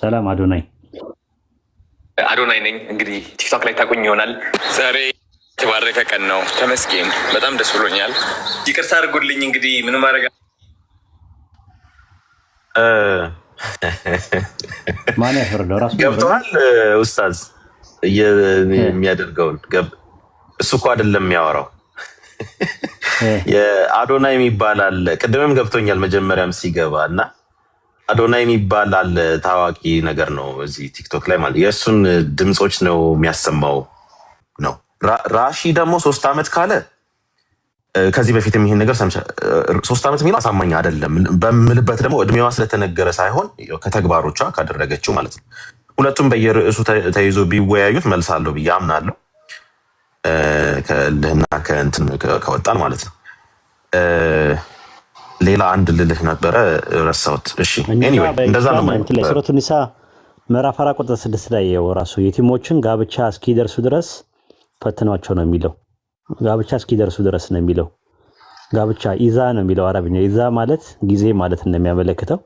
ሰላም አዶናይ አዶናይ ነኝ። እንግዲህ ቲክቶክ ላይ ታቁኝ ይሆናል። ዛሬ የተባረከ ቀን ነው። ተመስገን። በጣም ደስ ብሎኛል። ይቅርታ አድርጉልኝ እንግዲህ ምን ማድረግ ማን ያፈርደው ራሱ ገብተዋል። ኡስታዝ የሚያደርገውን እሱ እኮ አይደለም የሚያወራው የአዶናይ የሚባል አለ። ቅድምም ገብቶኛል መጀመሪያም ሲገባ እና አዶናይ የሚባል አለ ታዋቂ ነገር ነው። እዚህ ቲክቶክ ላይ ማለት የእሱን ድምፆች ነው የሚያሰማው ነው። ራሺ ደግሞ ሶስት ዓመት ካለ ከዚህ በፊት ይሄን ነገር ሶስት ዓመት የሚለው አሳማኝ አይደለም በምልበት ደግሞ እድሜዋ ስለተነገረ ሳይሆን ከተግባሮቿ ካደረገችው ማለት ነው። ሁለቱም በየርዕሱ ተይዞ ቢወያዩት መልሳለሁ ብዬ አምናለሁ። ከእልህና ከእንትን ከወጣን ማለት ነው። ሌላ አንድ ልልህ ነበረ ረሳሁት። እሺ እንደዛ ነው። ሱረቱ ኒሳ ምዕራፍ አራት ቁጥር ስድስት ላይ የው ራሱ የቲሞችን ጋብቻ እስኪደርሱ ድረስ ፈትኗቸው ነው የሚለው። ጋብቻ እስኪደርሱ ድረስ ነው የሚለው። ጋብቻ ኢዛ ነው የሚለው አረብኛ። ኢዛ ማለት ጊዜ ማለት እንደሚያመለክተው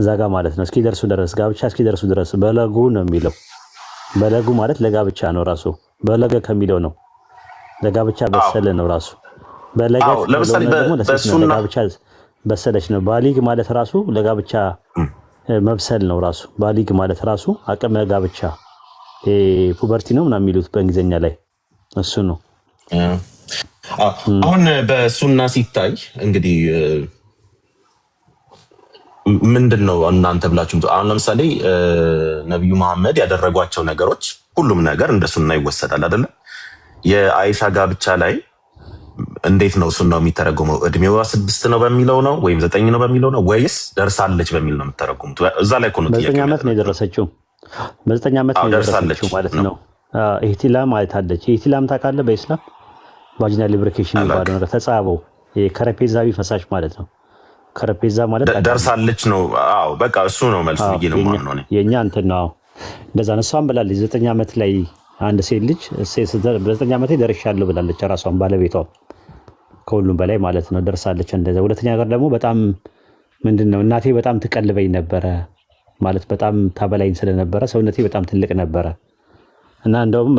እዛ ጋር ማለት ነው። እስኪደርሱ ድረስ ጋብቻ እስኪደርሱ ድረስ በለጉ ነው የሚለው። በለጉ ማለት ለጋብቻ ነው ራሱ። በለገ ከሚለው ነው ለጋብቻ በሰለ ነው ራሱ ለምሳሌ በሰለች ነው። ባሊግ ማለት ራሱ ለጋብቻ መብሰል ነው። ራሱ ባሊግ ማለት ራሱ አቅመ ጋብቻ ፑበርቲ ነው ምናምን የሚሉት በእንግሊዝኛ ላይ እሱ ነው። አሁን በሱና ሲታይ እንግዲህ ምንድን ነው እናንተ ብላችሁ አሁን ለምሳሌ ነቢዩ መሐመድ ያደረጓቸው ነገሮች ሁሉም ነገር እንደ ሱና ይወሰዳል አይደለም። የአይሻ ጋብቻ ላይ እንዴት ነው እሱን ነው የሚተረጉመው? እድሜዋ ስድስት ነው በሚለው ነው ወይም ዘጠኝ ነው በሚለው ነው ወይስ ደርሳለች በሚል ነው የምተረጉሙት? እዛ ላይ ነው በዘጠኝ ዓመት ነው የደረሰችው። በዘጠኝ ዓመት ነው የደረሰችው ማለት ነው። ኢህቲላም ማለት አለች። ኢህቲላም ታውቃለህ? በኢስላም ቫጂናል ሊብሪኬሽን የሚባለው ነገር ተጻበው ከረፔዛዊ ፈሳሽ ማለት ነው። ከረፔዛ ማለት ደርሳለች ነው። አዎ በቃ እሱ ነው መልሱ። የእኛ እንትን ነው እንደዛ ነው። እሷም ብላለች ዘጠኝ ዓመት ላይ አንድ ሴት ልጅ በዘጠኝ ዓመት ላይ ደርሻለሁ ብላለች። ራሷን ባለቤቷ ከሁሉም በላይ ማለት ነው ደርሳለች። እንደዚያ ሁለተኛ ነገር ደግሞ በጣም ምንድን ነው እናቴ በጣም ትቀልበኝ ነበረ ማለት በጣም ታበላይን ስለነበረ ሰውነቴ በጣም ትልቅ ነበረ እና እንደውም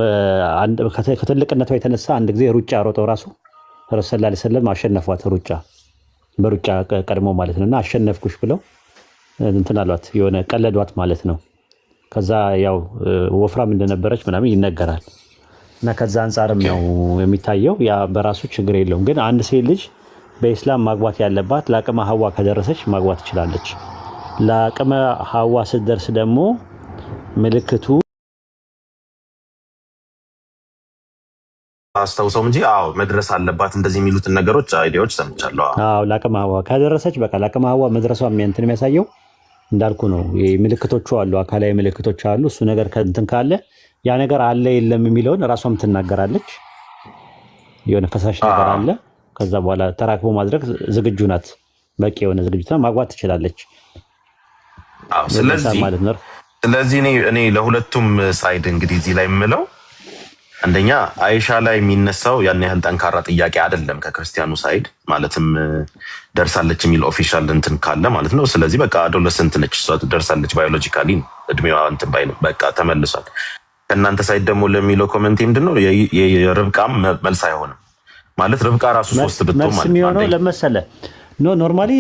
ከትልቅነቷ የተነሳ አንድ ጊዜ ሩጫ ሮጠው ራሱ ረሱ ስላ ስለም አሸነፏት። ሩጫ በሩጫ ቀድሞ ማለት ነው እና አሸነፍኩሽ ብለው እንትን አሏት የሆነ ቀለዷት ማለት ነው። ከዛ ያው ወፍራም እንደነበረች ምናምን ይነገራል። እና ከዛ አንጻርም ነው የሚታየው። ያ በራሱ ችግር የለውም። ግን አንድ ሴት ልጅ በኢስላም ማግባት ያለባት ለአቅመ ሀዋ ከደረሰች ማግባት ትችላለች። ለአቅመ ሀዋ ስትደርስ ደግሞ ምልክቱ አስታውሰውም እንጂ አዎ መድረስ አለባት እንደዚህ የሚሉትን ነገሮች አይዲያዎች ሰምቻለሁ። አዎ ለአቅመ ሀዋ ከደረሰች በቃ ለአቅመ ሀዋ መድረሷ እንትን የሚያሳየው እንዳልኩ ነው ምልክቶቹ አሉ፣ አካላዊ ምልክቶች አሉ። እሱ ነገር ከእንትን ካለ ያ ነገር አለ የለም የሚለውን እራሷም ትናገራለች። የሆነ ፈሳሽ ነገር አለ፣ ከዛ በኋላ ተራክቦ ማድረግ ዝግጁ ናት። በቂ የሆነ ዝግጁት ማግባት ትችላለች ማለት ነው። ስለዚህ እኔ ለሁለቱም ሳይድ እንግዲህ እዚህ ላይ የምለው አንደኛ አይሻ ላይ የሚነሳው ያን ያህል ጠንካራ ጥያቄ አይደለም ከክርስቲያኑ ሳይድ ማለትም ደርሳለች የሚል ኦፊሻል እንትን ካለ ማለት ነው። ስለዚህ በቃ አዶለሰንት ነች እሷ ደርሳለች፣ ባዮሎጂካሊ እድሜዋ እንትን ነው በቃ ተመልሷል። ከእናንተ ሳይድ ደግሞ ለሚለው ኮመንት ምንድን የርብቃም መልስ አይሆንም ማለት ርብቃ ራሱ ሶስት ብትሆን ማለት ለመሰለ ኖ ኖርማሊ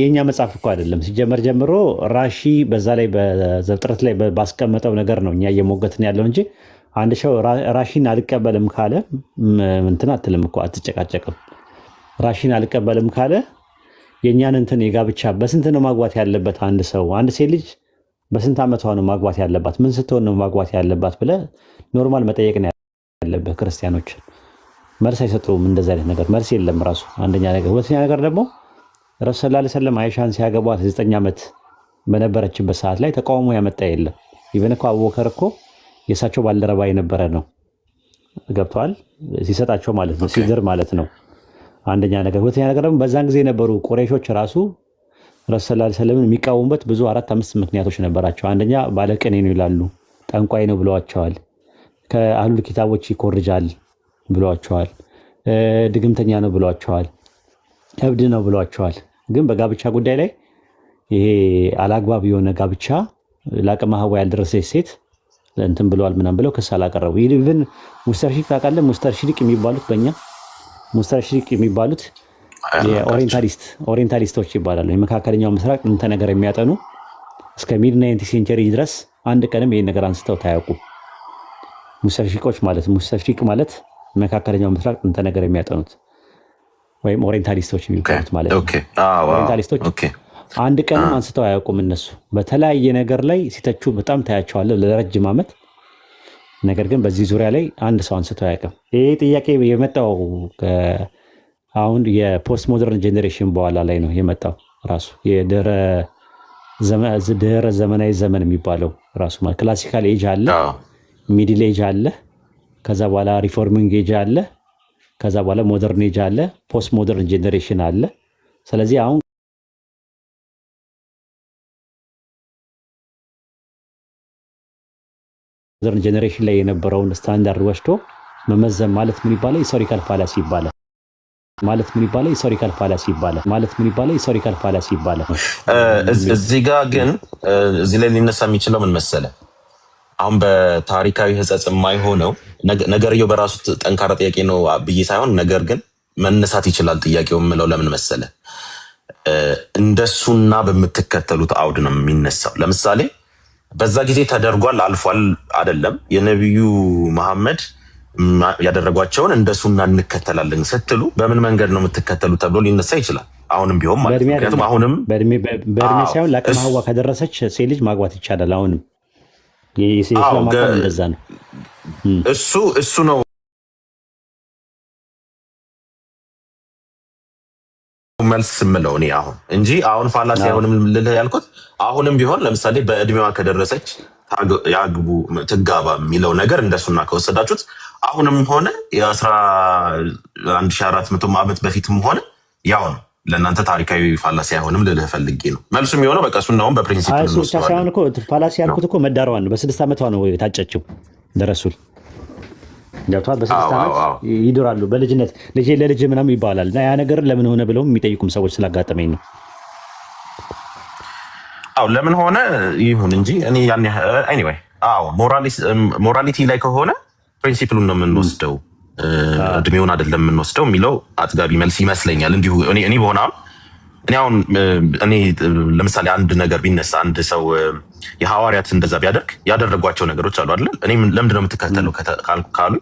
የእኛ መጽሐፍ እኮ አይደለም ሲጀመር ጀምሮ ራሺ በዛ ላይ በዘፍጥረት ላይ ባስቀመጠው ነገር ነው እኛ እየሞገትን ያለው እንጂ አንድ ሰው ራሽን አልቀበልም ካለ እንትን አትልም እኮ አትጨቃጨቅም። ራሽን አልቀበልም ካለ የእኛን እንትን የጋብቻ በስንት ነው ማግባት ያለበት? አንድ ሰው አንድ ሴት ልጅ በስንት ዓመቷ ነው ማግባት ያለባት? ምን ስትሆን ነው ማግባት ያለባት ብለ ኖርማል መጠየቅ ነው ያለበት። ክርስቲያኖች መልስ አይሰጡም። እንደዚ አይነት ነገር መልስ የለም ራሱ አንደኛ ነገር። ሁለተኛ ነገር ደግሞ ረሱ ስላ ሰለም አይሻን ሲያገቧት ዘጠኝ ዓመት በነበረችበት ሰዓት ላይ ተቃውሞ ያመጣ የለም። ኢቨን እኮ አቡበከር እኮ የእሳቸው ባልደረባ የነበረ ነው። ገብተዋል ሲሰጣቸው ማለት ነው፣ ሲድር ማለት ነው። አንደኛ ነገር። ሁለተኛ ነገር ደግሞ በዛን ጊዜ የነበሩ ቁረይሾች ራሱ ረሱ ሰለምን የሚቃወሙበት ብዙ አራት አምስት ምክንያቶች ነበራቸው። አንደኛ ባለቅኔ ነው ይላሉ፣ ጠንቋይ ነው ብለዋቸዋል። ከአህሉል ኪታቦች ይኮርጃል ብለዋቸዋል። ድግምተኛ ነው ብለዋቸዋል። እብድ ነው ብለዋቸዋል። ግን በጋብቻ ጉዳይ ላይ ይሄ አላግባብ የሆነ ጋብቻ ለአቅመ ያልደረሰች ሴት እንትን ብለዋል ምናም ብለው ክስ አላቀረቡ። ኢቭን ሙስተርሺቅ ታውቃለህ? ሙስተርሺቅ የሚባሉት በእኛ ሙስተር ሙስተርሺቅ የሚባሉት ኦሪየንታሊስት ኦሪየንታሊስቶች ይባላሉ። የመካከለኛው ምስራቅ እንተ ነገር የሚያጠኑ እስከ ሚድ ናይንቲ ሴንቸሪ ድረስ አንድ ቀንም ይህን ነገር አንስተው ታያውቁ። ሙስተር ሽሪቆች ማለት ሙስተር ሙስተርሺቅ ማለት መካከለኛው ምስራቅ እንተ ነገር የሚያጠኑት ወይም ኦሪንታሊስቶች የሚባሉት ማለት ነው። ኦሪንታሊስቶች አንድ ቀንም አንስተው አያውቁም። እነሱ በተለያየ ነገር ላይ ሲተቹ በጣም ታያቸዋለ ለረጅም ዓመት። ነገር ግን በዚህ ዙሪያ ላይ አንድ ሰው አንስተው አያውቅም። ይህ ጥያቄ የመጣው አሁን የፖስት ሞደርን ጀኔሬሽን በኋላ ላይ ነው የመጣው ራሱ ድህረ ዘመናዊ ዘመን የሚባለው ራሱ ክላሲካል ኤጅ አለ፣ ሚድል ኤጅ አለ፣ ከዛ በኋላ ሪፎርሚንግ ኤጅ አለ፣ ከዛ በኋላ ሞደርን ኤጅ አለ፣ ፖስት ሞደርን ጀኔሬሽን አለ። ስለዚህ አሁን ዘር ጀኔሬሽን ላይ የነበረውን ስታንዳርድ ወስዶ መመዘን ማለት ምን ይባላል? ሂስቶሪካል ፋላሲ ይባላል። ማለት ምን ይባላል? ሂስቶሪካል ፋላሲ ይባላል። ማለት ምን ይባላል? ሂስቶሪካል ፋላሲ ይባላል። እዚህ ጋ ግን እዚህ ላይ ሊነሳ የሚችለው ምን መሰለ፣ አሁን በታሪካዊ ህጸጽ የማይሆነው ነገርየው በራሱ ጠንካራ ጥያቄ ነው ብዬ ሳይሆን ነገር ግን መነሳት ይችላል ጥያቄው የምለው ለምን መሰለ፣ እንደሱና በምትከተሉት አውድ ነው የሚነሳው። ለምሳሌ በዛ ጊዜ ተደርጓል አልፏል አይደለም። የነቢዩ መሐመድ ያደረጓቸውን እንደ ሱና እንከተላለን ስትሉ በምን መንገድ ነው የምትከተሉ ተብሎ ሊነሳ ይችላል። አሁንም ቢሆን ማለት ምክንያቱም አሁንም በእድሜ ሳይሆን ለአቅመ ከደረሰች ሴት ልጅ ማግባት ይቻላል። አሁንም እንደዛ ነው። እሱ እሱ ነው መልስ ስምለው እኔ አሁን እንጂ አሁን ፋላሲ አይሆንም ልል ያልኩት አሁንም ቢሆን ለምሳሌ በእድሜዋ ከደረሰች የአግቡ ትጋባ የሚለው ነገር እንደሱና ከወሰዳችሁት አሁንም ሆነ የአስራ አንድ ሺህ አራት መቶ ዓመት በፊትም ሆነ ያው ነው። ለእናንተ ታሪካዊ ፋላሲ አይሆንም ልልህ ፈልጌ ነው። መልሱ የሆነው በቃ ሱናውን በፕሪንሲፕ ሳይሆን ፋላሲ ያልኩት እኮ መዳረዋን ነው። በስድስት ዓመቷ ነው የታጨችው ደረሱል ገብቷል። በስድስት ዓመት ይድራሉ። በልጅነት ልጄ ለልጅ ምናም ይባላል እና ያ ነገር ለምን ሆነ ብለውም የሚጠይቁም ሰዎች ስላጋጠመኝ ነው። አዎ ለምን ሆነ ይሁን እንጂ እኔ ያን ኤኒዌይ፣ አዎ ሞራሊቲ ላይ ከሆነ ፕሪንሲፕሉን ነው የምንወስደው፣ እድሜውን አይደለም የምንወስደው የሚለው አጥጋቢ መልስ ይመስለኛል። እንዲሁ እኔ በሆናም እኔ አሁን እኔ ለምሳሌ አንድ ነገር ቢነሳ አንድ ሰው የሐዋርያት እንደዛ ቢያደርግ ያደረጓቸው ነገሮች አሉ አይደል? እኔም ነው የምትከተለው ካልኩ ካሉ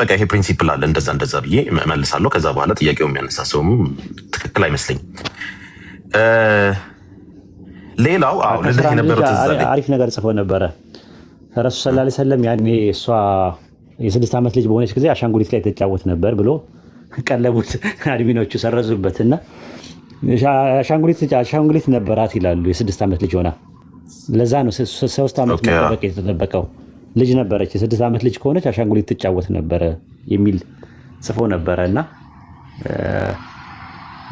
በቃ ይሄ ፕሪንሲፕል አለ እንደዛ እንደዛ ብዬ መልሳለሁ። ከዛ በኋላ ጥያቄው የሚያነሳ ሰውም ትክክል አይመስለኝም። ሌላው አሪፍ ነገር ጽፎ ነበረ ረሱ ስላ ሰለም ያኔ እሷ የስድስት ዓመት ልጅ በሆነች ጊዜ አሻንጉሊት ላይ ተጫወት ነበር ብሎ ቀለቡት አድሚኖቹ እና አሻንጉሊት ነበራት ይላሉ። የስድስት ዓመት ልጅ ሆና ለዛ ነው ሶስት ዓመት መጠበቅ የተጠበቀው። ልጅ ነበረች። የስድስት ዓመት ልጅ ከሆነች አሻንጉሊት ትጫወት ነበረ የሚል ጽፎ ነበረ እና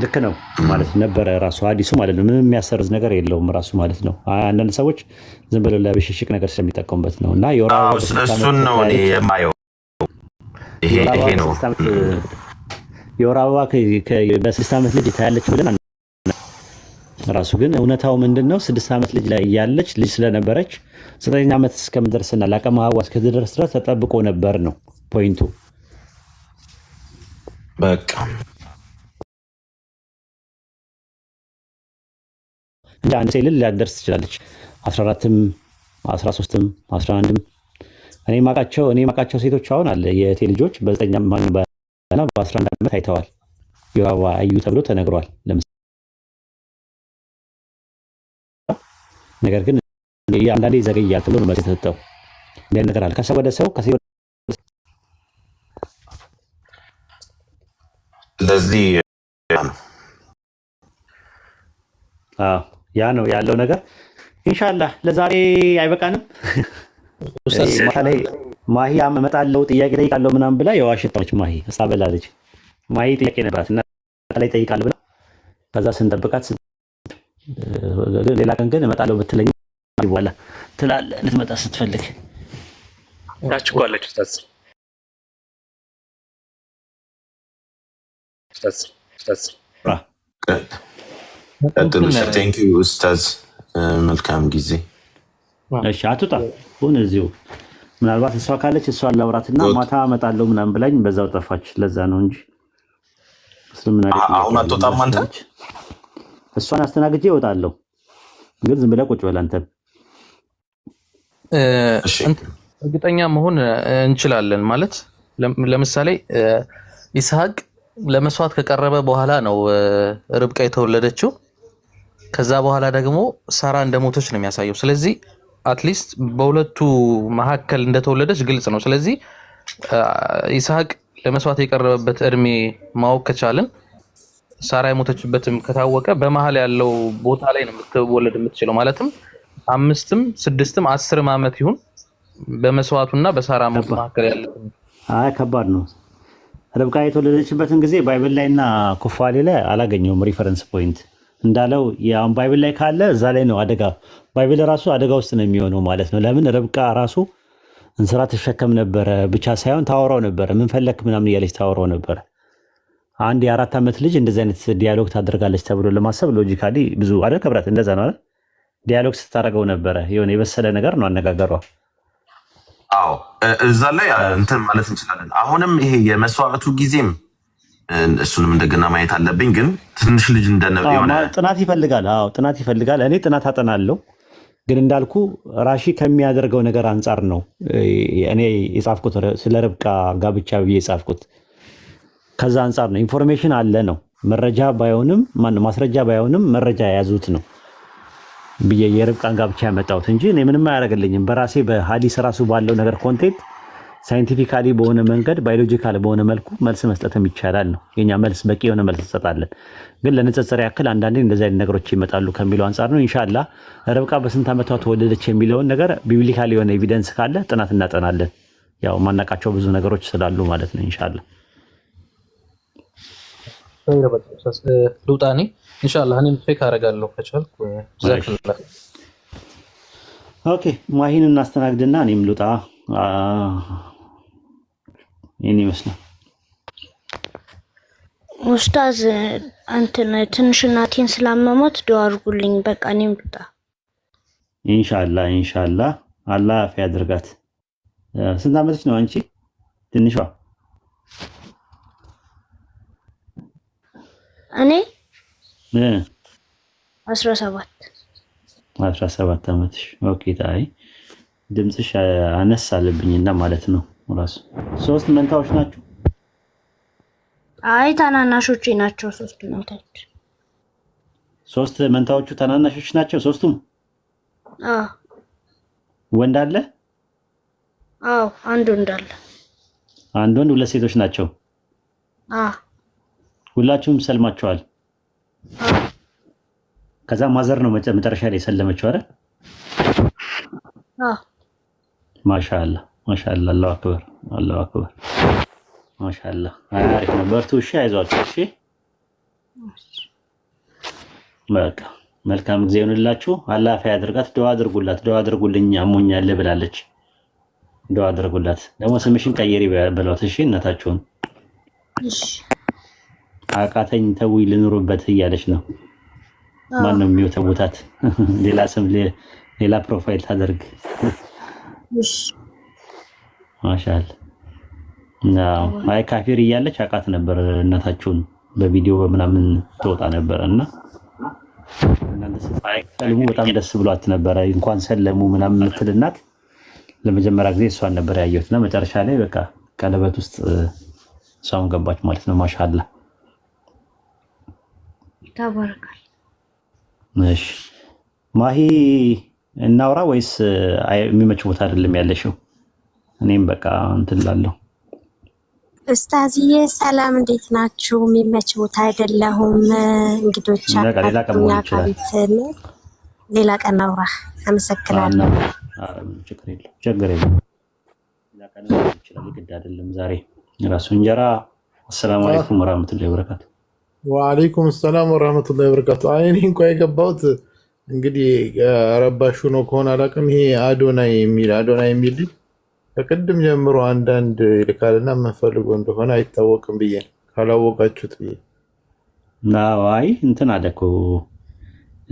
ልክ ነው ማለት ነበረ ራሱ ሐዲሱ ማለት ነው። ምንም የሚያሰርዝ ነገር የለውም ራሱ ማለት ነው። አንዳንድ ሰዎች ዝም ብለው ለብሽሽቅ ነገር ስለሚጠቀሙበት ነው እና እሱን ነው የማየው። ይሄ ነው የወር አበባ በስድስት ዓመት ልጅ ታያለች ብለን ራሱ ግን እውነታው ምንድን ነው? ስድስት ዓመት ልጅ ላይ እያለች ልጅ ስለነበረች ዘጠኝ ዓመት እስከምደርስና ለአቅመ ሐዋ እስክትደርስ ድረስ ተጠብቆ ነበር ነው ፖይንቱ። በቃ እንደ አንድ ሴልን ሊያደርስ ትችላለች። 14ም 13ም 11ም እኔ ማቃቸው እኔ ማቃቸው ሴቶች አሁን አለ የቴ ልጆች በዘጠኝ በ በ በ በ በ በ በ በ በ ነገር ግን አንዳንዴ ይዘገያል ተብሎ ነው መልስ የተሰጠው። እንዲህ ነገር አለ ከሰው ወደ ሰው ስለዚህ ያ ነው ያለው ነገር። ኢንሻላህ ለዛሬ አይበቃንም። ላይ ማሂ እመጣለሁ ጥያቄ ጠይቃለሁ ምናምን ብላ የዋሸጣች ማሂ እስታበላለች። ማሂ ጥያቄ ነበራት እና ላይ ጠይቃለሁ ብላ ከዛ ስንጠብቃት ሌላ ቀን ግን እመጣለሁ ብትለኝ በኋላ ትላለህ። ልትመጣ ስትፈልግ ታች እኮ ኡስታዝ። መልካም ጊዜ። እሺ አትውጣ፣ ሁን እዚሁ። ምናልባት እሷ ካለች እሷ ላውራትና ማታ እመጣለሁ ምናምን ብላኝ በዛው ጠፋች። ለዛ ነው እንጂ አሁን አትወጣም አንተ እሷን አስተናግጄ እወጣለሁ። ግን ዝም ብለህ ቁጭ በል እርግጠኛ መሆን እንችላለን ማለት ለምሳሌ ይስሐቅ ለመስዋዕት ከቀረበ በኋላ ነው ርብቃ የተወለደችው። ከዛ በኋላ ደግሞ ሳራ እንደሞተች ነው የሚያሳየው። ስለዚህ አትሊስት በሁለቱ መካከል እንደተወለደች ግልጽ ነው። ስለዚህ ይስሐቅ ለመስዋዕት የቀረበበት እድሜ ማወቅ ከቻልን ሳራ የሞተችበትም ከታወቀ በመሀል ያለው ቦታ ላይ ነው የምትወለድ የምትችለው። ማለትም አምስትም ስድስትም አስርም ዓመት ይሁን በመስዋዕቱና በሳራ ሞት መካከል ያለ ከባድ ነው። ርብቃ የተወለደችበትን ጊዜ ባይብል ላይና ኩፋሌ ላይ አላገኘውም ሪፈረንስ ፖይንት እንዳለው ያው ባይብል ላይ ካለ እዛ ላይ ነው አደጋ። ባይብል ራሱ አደጋ ውስጥ ነው የሚሆነው ማለት ነው። ለምን ርብቃ ራሱ እንስራ ትሸከም ነበረ ብቻ ሳይሆን ታወራው ነበረ። ምን ፈለክ ምናምን እያለች ታወራው ነበረ። አንድ የአራት ዓመት ልጅ እንደዚህ አይነት ዲያሎግ ታደርጋለች ተብሎ ለማሰብ ሎጂካሊ ብዙ አደ ክብረት እንደዛ ነው። ዲያሎግ ስታደርገው ነበረ የሆነ የበሰለ ነገር ነው አነጋገሯ። አዎ እዛ ላይ እንትን ማለት እንችላለን። አሁንም ይሄ የመስዋዕቱ ጊዜም እሱንም እንደገና ማየት አለብኝ። ግን ትንሽ ልጅ ጥናት ይፈልጋል። አዎ ጥናት ይፈልጋል። እኔ ጥናት አጠናለሁ። ግን እንዳልኩ ራሺ ከሚያደርገው ነገር አንጻር ነው እኔ የጻፍኩት ስለ ርብቃ ጋብቻ ብዬ የጻፍኩት ከዛ አንጻር ነው ኢንፎርሜሽን አለ ነው መረጃ ባይሆንም ማስረጃ ባይሆንም መረጃ የያዙት ነው ብዬ የርብቃን ጋብቻ ያመጣሁት እንጂ እኔ ምንም አያደርግልኝም። በራሴ በሀዲስ ራሱ ባለው ነገር ኮንቴንት ሳይንቲፊካሊ በሆነ መንገድ ባዮሎጂካል በሆነ መልኩ መልስ መስጠትም ይቻላል ነው የኛ መልስ። በቂ የሆነ መልስ እንሰጣለን፣ ግን ለንጽጽር ያክል አንዳንዴ እንደዚህ አይነት ነገሮች ይመጣሉ ከሚለው አንጻር ነው። እንሻላ ርብቃ በስንት ዓመቷ ተወለደች የሚለውን ነገር ቢብሊካል የሆነ ኤቪደንስ ካለ ጥናት እናጠናለን። ያው ማናቃቸው ብዙ ነገሮች ስላሉ ማለት ነው ኢንሻላ ልውጣ እኔ እኔም ቼክ አደርጋለሁ ከቻልኩ። ኦኬ ማሂን እናስተናግድና እኔም ልውጣ። ይህን ይመስላል ኡስታዝ። እንትን ትንሽ እናቴን ስላመሞት ዶ አድርጉልኝ። በቃ እኔም ልውጣ። ኢንሻላ ኢንሻላ አላህ አፍ ያድርጋት። ስንት ዓመትሽ ነው አንቺ ትንሿ? እኔ አስራ ሰባት አስራ ሰባት ዓመትሽ። ኦኬ ታይ ድምፅሽ አነስ አለብኝና ማለት ነው። ራሱ ሶስት መንታዎች ናቸው። አይ ታናናሾች ናቸው። ሶስት መንታዎች ሶስት መንታዎቹ ታናናሾች ናቸው። ሶስቱም ወንድ አለ? አዎ አንድ ወንድ አለ። አንድ ወንድ፣ ሁለት ሴቶች ናቸው። ሁላችሁም ሰልማችኋል። ከዛ ማዘር ነው መጨረሻ ላይ የሰለመችው አይደል? ማሻአላ ማሻአላ፣ አላሁ አክበር አላሁ አክበር፣ ማሻአላ። አሪፍ ነው። በርቱ። እሺ፣ አይዟችሁ። እሺ፣ በቃ መልካም ጊዜ ይሁንላችሁ። አላህ አድርጋት። ደዋ አድርጉላት፣ ደዋ አድርጉልኝ፣ አሞኛል ብላለች። ደዋ አድርጉላት። ደግሞ ስምሽን ቀይሪ በሏት። እሺ እናታችሁን አቃተኝ ተውኝ ልኑርበት እያለች ነው። ማን ነው የሚወተውታት? ሌላ ስም ሌላ ፕሮፋይል ታደርግ። ማሻል አይ ካፊር እያለች አቃት ነበር። እናታችሁን በቪዲዮ በምናምን ትወጣ ነበረ እና ሰልሙ በጣም ደስ ብሏት ነበረ። እንኳን ሰለሙ ምናምን የምትል እናት ለመጀመሪያ ጊዜ እሷን ነበር ያየሁት እና መጨረሻ ላይ በቃ ቀለበት ውስጥ እሷም ገባች ማለት ነው። ማሻላ ይታወርቃል። እሺ ማሂ እናውራ ወይስ የሚመች ቦታ አይደለም ያለሽው? እኔም በቃ እንትን ላለሁ። ኡስታዝዬ ሰላም፣ እንዴት ናችሁ? የሚመች ቦታ አይደለሁም። እንግዶች ሌላ ቀን አውራ። አመሰግናለሁ። ችግር የለም ችግር የለም። ሌላ ቀን ይችላል። ግድ አይደለም ዛሬ ራሱ እንጀራ። አሰላሙ አለይኩም ወራህመቱላሂ ወበረካቱ ወአለይኩም ሰላም ወረህመቱላሂ ወበረካቱ። አይ እኔ እንኳ የገባሁት እንግዲህ ረባሹ ነው ከሆነ አላውቅም። ይሄ አዶናይ የሚል አዶናይ የሚል ከቅድም ጀምሮ አንዳንድ ይልካልና የምንፈልጎ እንደሆነ አይታወቅም ብዬ ካላወቃችሁት ብዬ አይ እንትን አለ እኮ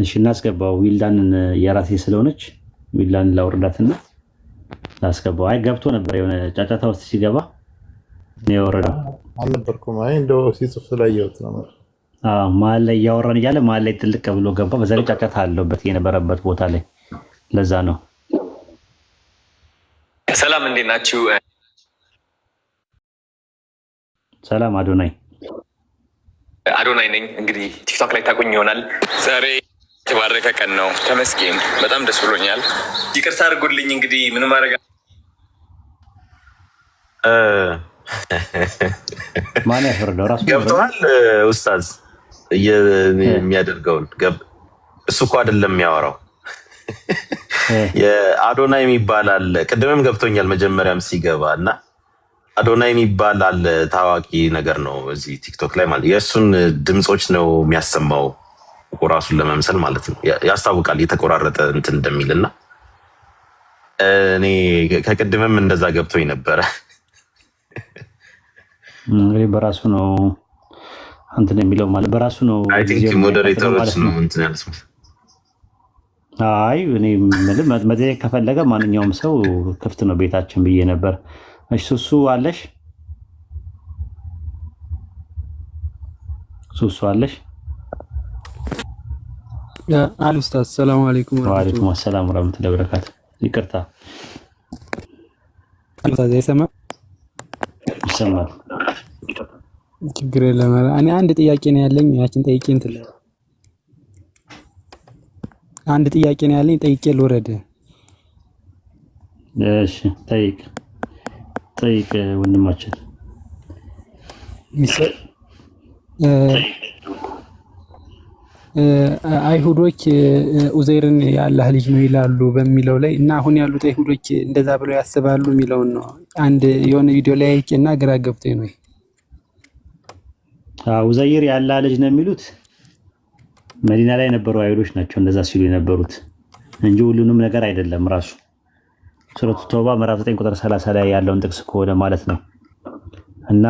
እሺ፣ እናስገባው። ዊልዳንን የራሴ ስለሆነች ዊልዳንን ላውርዳትና ላስገባው። አይ ገብቶ ነበር የሆነ ጫጫታ ውስጥ ሲገባ ነው የወረደው። አልነበርኩም። አይ እንደው ሲጽፍ ስላየሁት ነው። መሀል ላይ እያወራን እያለ መሀል ላይ ትልቅ ብሎ ገባ። በዛ ላይ ጫጫታ አለበት የነበረበት ቦታ ላይ ለዛ ነው። ሰላም እንዴት ናችሁ? ሰላም አዶናይ አዶናይ ነኝ። እንግዲህ ቲክቶክ ላይ ታቁኝ ይሆናል። ዛሬ የተባረከ ቀን ነው። ተመስገን በጣም ደስ ብሎኛል። ይቅርታ አድርጉልኝ። እንግዲህ ምን ማድረግ ማን ያፈርደው ራሱ ገብተዋል ኡስታዝ የሚያደርገውን እሱ እኮ አይደለም የሚያወራው የአዶና የሚባል አለ። ቅድምም ገብቶኛል መጀመሪያም ሲገባ እና አዶና የሚባል አለ ታዋቂ ነገር ነው እዚህ ቲክቶክ ላይ ማለት የእሱን ድምፆች ነው የሚያሰማው ራሱን ለመምሰል ማለት ነው። ያስታውቃል የተቆራረጠ እንትን እንደሚል እና እኔ ከቅድምም እንደዛ ገብቶኝ ነበረ። እንግዲህ በራሱ ነው እንትን የሚለው ማለት በራሱ ነው። አይ እኔ መጠየቅ ከፈለገ ማንኛውም ሰው ክፍት ነው ቤታችን ብዬ ነበር። እሺ ሱሱ አለሽ? ሱሱ አለሽ? አሉ ኡስታዝ ሰላም አለይኩም ወአለይኩም ሰላም ወራህመቱላሂ ወበረካቱ። ይቅርታ ኡስታዝ ይሰማል? ይሰማል። ችግር የለም። እኔ አንድ ጥያቄ ነው ያለኝ። ያችን ጠይቄ እንትን አንድ ጥያቄ ነው ያለኝ ጠይቄ ልውረድ። እሺ ጠይቅ ጠይቅ ወንድማችን። አይሁዶች ኡዘይርን የአላህ ልጅ ነው ይላሉ በሚለው ላይ እና አሁን ያሉት አይሁዶች እንደዛ ብለው ያስባሉ የሚለውን ነው። አንድ የሆነ ቪዲዮ ላይ አይቄ እና ግራ ገብቶኝ ነው ኡዘይር ያላ ልጅ ነው የሚሉት መዲና ላይ የነበሩ አይሁዶች ናቸው እንደዛ ሲሉ የነበሩት እንጂ ሁሉንም ነገር አይደለም። ራሱ ሱረቱ ተውባ ምዕራፍ 9 ቁጥር 30 ላይ ያለውን ጥቅስ ከሆነ ማለት ነው። እና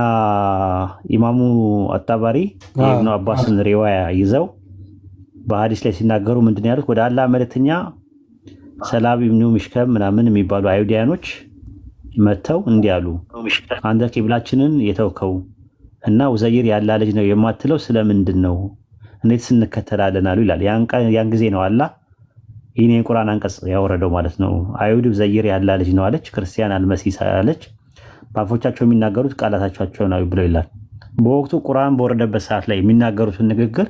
ኢማሙ አጣባሪ ኢብኑ አባስን ሪዋያ ይዘው በሀዲስ ላይ ሲናገሩ ምንድን ያሉት ወደ አላህ መልእክተኛ ሰላቢ ኢብኑ ሚሽከም ምናምን የሚባሉ አይሁዲያኖች መጥተው እንዲህ አሉ፣ አንተ ቂብላችንን የተውከው እና ኡዘይር ያላ ልጅ ነው የማትለው ስለምንድን ነው? እንዴት ስንከተላለን አሉ ይላል። ያን ጊዜ ነው አላ ይህን የቁርአን አንቀጽ ያወረደው ማለት ነው። አይሁድ ኡዘይር ያላ ልጅ ነው አለች፣ ክርስቲያን አልመሲህ አለች። በአፎቻቸው የሚናገሩት ቃላታቸው ነው ብለው ይላል። በወቅቱ ቁርአን በወረደበት ሰዓት ላይ የሚናገሩትን ንግግር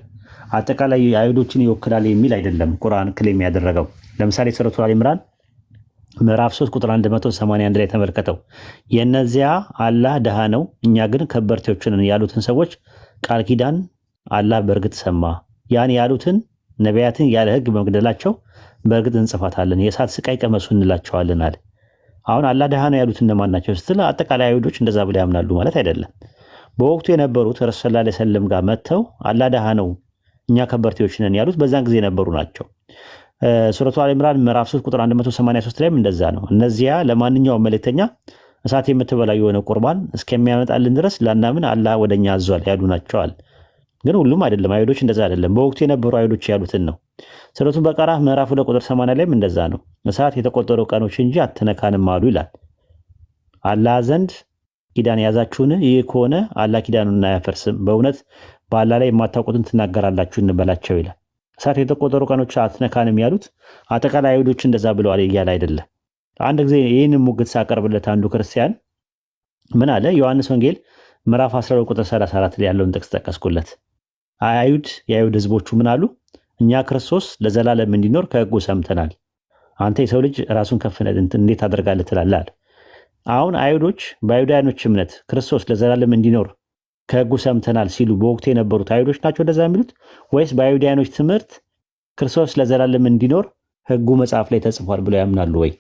አጠቃላይ አይሁዶችን ይወክላል የሚል አይደለም ቁርአን ክሌም ያደረገው። ለምሳሌ ሱረቱል አል ኢምራን ምዕራፍ 3 ቁጥር 181 ላይ ተመልከተው። የእነዚያ አላህ ድሃ ነው እኛ ግን ከበርቴዎችን ያሉትን ሰዎች ቃል ኪዳን አላህ በእርግጥ ሰማ። ያን ያሉትን ነቢያትን ያለ ህግ በመግደላቸው በእርግጥ እንጽፋታለን፣ የእሳት ስቃይ ቀመሱ እንላቸዋለን አለ። አሁን አላህ ድሃ ነው ያሉት እነማን ናቸው ስትል አጠቃላይ አይሁዶች እንደዛ ብለው ያምናሉ ማለት አይደለም። በወቅቱ የነበሩት ረሱል ላ ሰለም ጋር መጥተው አላህ ድሃ ነው እኛ ከበርቴዎች ነን ያሉት በዛን ጊዜ የነበሩ ናቸው። ሱረቱ አል ኢምራን ምዕራፍ 3 ቁጥር 183 ላይም እንደዛ ነው። እነዚያ ለማንኛውም መልእክተኛ እሳት የምትበላ የሆነ ቁርባን እስከሚያመጣልን ድረስ ላናምን አላህ ወደኛ አዟል ያሉ ናቸዋል። ግን ሁሉም አይደለም። አይሁዶች እንደዛ አይደለም። በወቅቱ የነበሩ አይሁዶች ያሉትን ነው። ሱረቱ በቀራ ምዕራፍ 2 ቁጥር 80 ላይም እንደዛ ነው። እሳት የተቆጠሩ ቀኖች እንጂ አትነካንም አሉ ይላል። አላህ ዘንድ ኪዳን የያዛችሁን ይህ ከሆነ አላህ ኪዳኑን አያፈርስም። በእውነት በአላህ ላይ የማታውቁትን ትናገራላችሁ እንበላቸው ይላል። እሳት የተቆጠሩ ቀኖች አትነካንም ያሉት አጠቃላይ አይሁዶች እንደዛ ብለዋል እያለ አይደለም። አንድ ጊዜ ይህን ሙግት ሳቀርብለት አንዱ ክርስቲያን ምን አለ? ዮሐንስ ወንጌል ምዕራፍ 12 ቁጥር 34 ላይ ያለውን ጥቅስ ጠቀስኩለት። አይሁድ የአይሁድ ህዝቦቹ ምን አሉ? እኛ ክርስቶስ ለዘላለም እንዲኖር ከህጉ ሰምተናል። አንተ የሰው ልጅ ራሱን ከፍ እንዴት አደርጋለህ ትላለህ? አሁን አይሁዶች በአይሁዳውያኖች እምነት ክርስቶስ ለዘላለም እንዲኖር ከህጉ ሰምተናል ሲሉ በወቅቱ የነበሩት አይሁዶች ናቸው እንደዛ የሚሉት ወይስ በአይሁዳያኖች ትምህርት ክርስቶስ ለዘላለም እንዲኖር ህጉ መጽሐፍ ላይ ተጽፏል ብለው ያምናሉ ወይ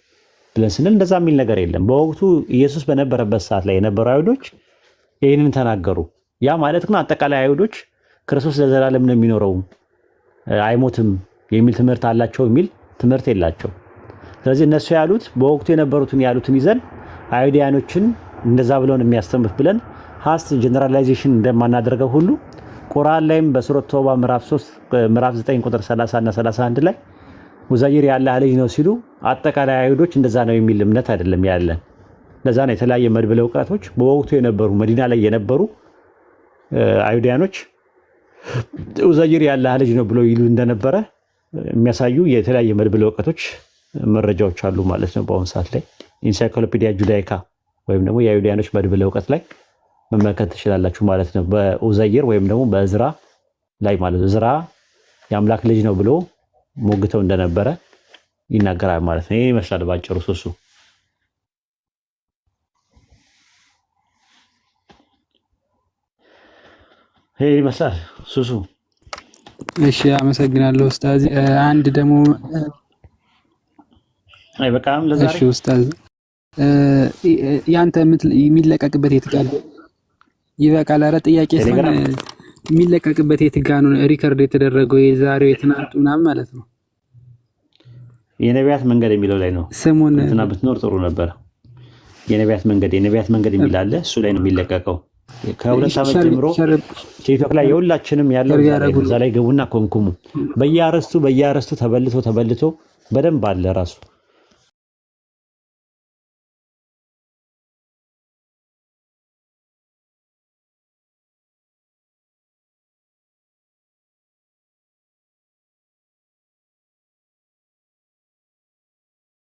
ብለን ስንል እንደዛ የሚል ነገር የለም። በወቅቱ ኢየሱስ በነበረበት ሰዓት ላይ የነበሩ አይሁዶች ይህንን ተናገሩ። ያ ማለት ግን አጠቃላይ አይሁዶች ክርስቶስ ለዘላለም ነው የሚኖረው አይሞትም የሚል ትምህርት አላቸው የሚል ትምህርት የላቸው። ስለዚህ እነሱ ያሉት በወቅቱ የነበሩትን ያሉትን ይዘን አይሁዳያኖችን እንደዛ ብለውን የሚያስተምር ብለን ሀስ ጀነራላይዜሽን እንደማናደርገው ሁሉ ቁርአን ላይም በሱረት ተውባ ምዕራፍ 3 ምዕራፍ 9 ቁጥር 30 እና 31 ላይ ሙዛይር የአላህ ልጅ ነው ሲሉ አጠቃላይ አይሁዶች እንደዛ ነው የሚል እምነት አይደለም ያለን። ለዛ ነው የተለያየ መድብለ እውቀቶች በወቅቱ የነበሩ መዲና ላይ የነበሩ አይሁዲያኖች ኡዘይር የአላህ ልጅ ነው ብሎ ይሉ እንደነበረ የሚያሳዩ የተለያየ መድብለ እውቀቶች መረጃዎች አሉ ማለት ነው። በአሁኑ ሰዓት ላይ ኢንሳይክሎፒዲያ ጁዳይካ ወይም ደግሞ የአይሁዲያኖች መድብለ እውቀት ላይ መመልከት ትችላላችሁ ማለት ነው። በኡዘይር ወይም ደግሞ በእዝራ ላይ ማለት እዝራ የአምላክ ልጅ ነው ብሎ ሞግተው እንደነበረ ይናገራል ማለት ነው። ይህ ይመስላል ባጭሩ ሱሱ ይህ ይመስላል ሱሱ። እሺ አመሰግናለሁ ኡስታዝ። አንድ ደግሞ አይ በቃ ለዛሬ ኡስታዝ ያንተ የሚለቀቅበት የትቃል ይበቃል። አረ ጥያቄ ሲሆን የሚለቀቅበት የትጋ ነው? ሪከርድ የተደረገው የዛሬው የትናንቱ ምናምን ማለት ነው። የነቢያት መንገድ የሚለው ላይ ነው። ስሙን እንትና ብትኖር ጥሩ ነበር። የነቢያት መንገድ የነቢያት መንገድ የሚል አለ። እሱ ላይ ነው የሚለቀቀው። ከሁለት ዓመት ጀምሮ ቲክቶክ ላይ የሁላችንም ያለው እዛ ላይ ግቡና ኮንኩሙ። በየአረስቱ በየአረስቱ ተበልቶ ተበልቶ በደንብ አለ ራሱ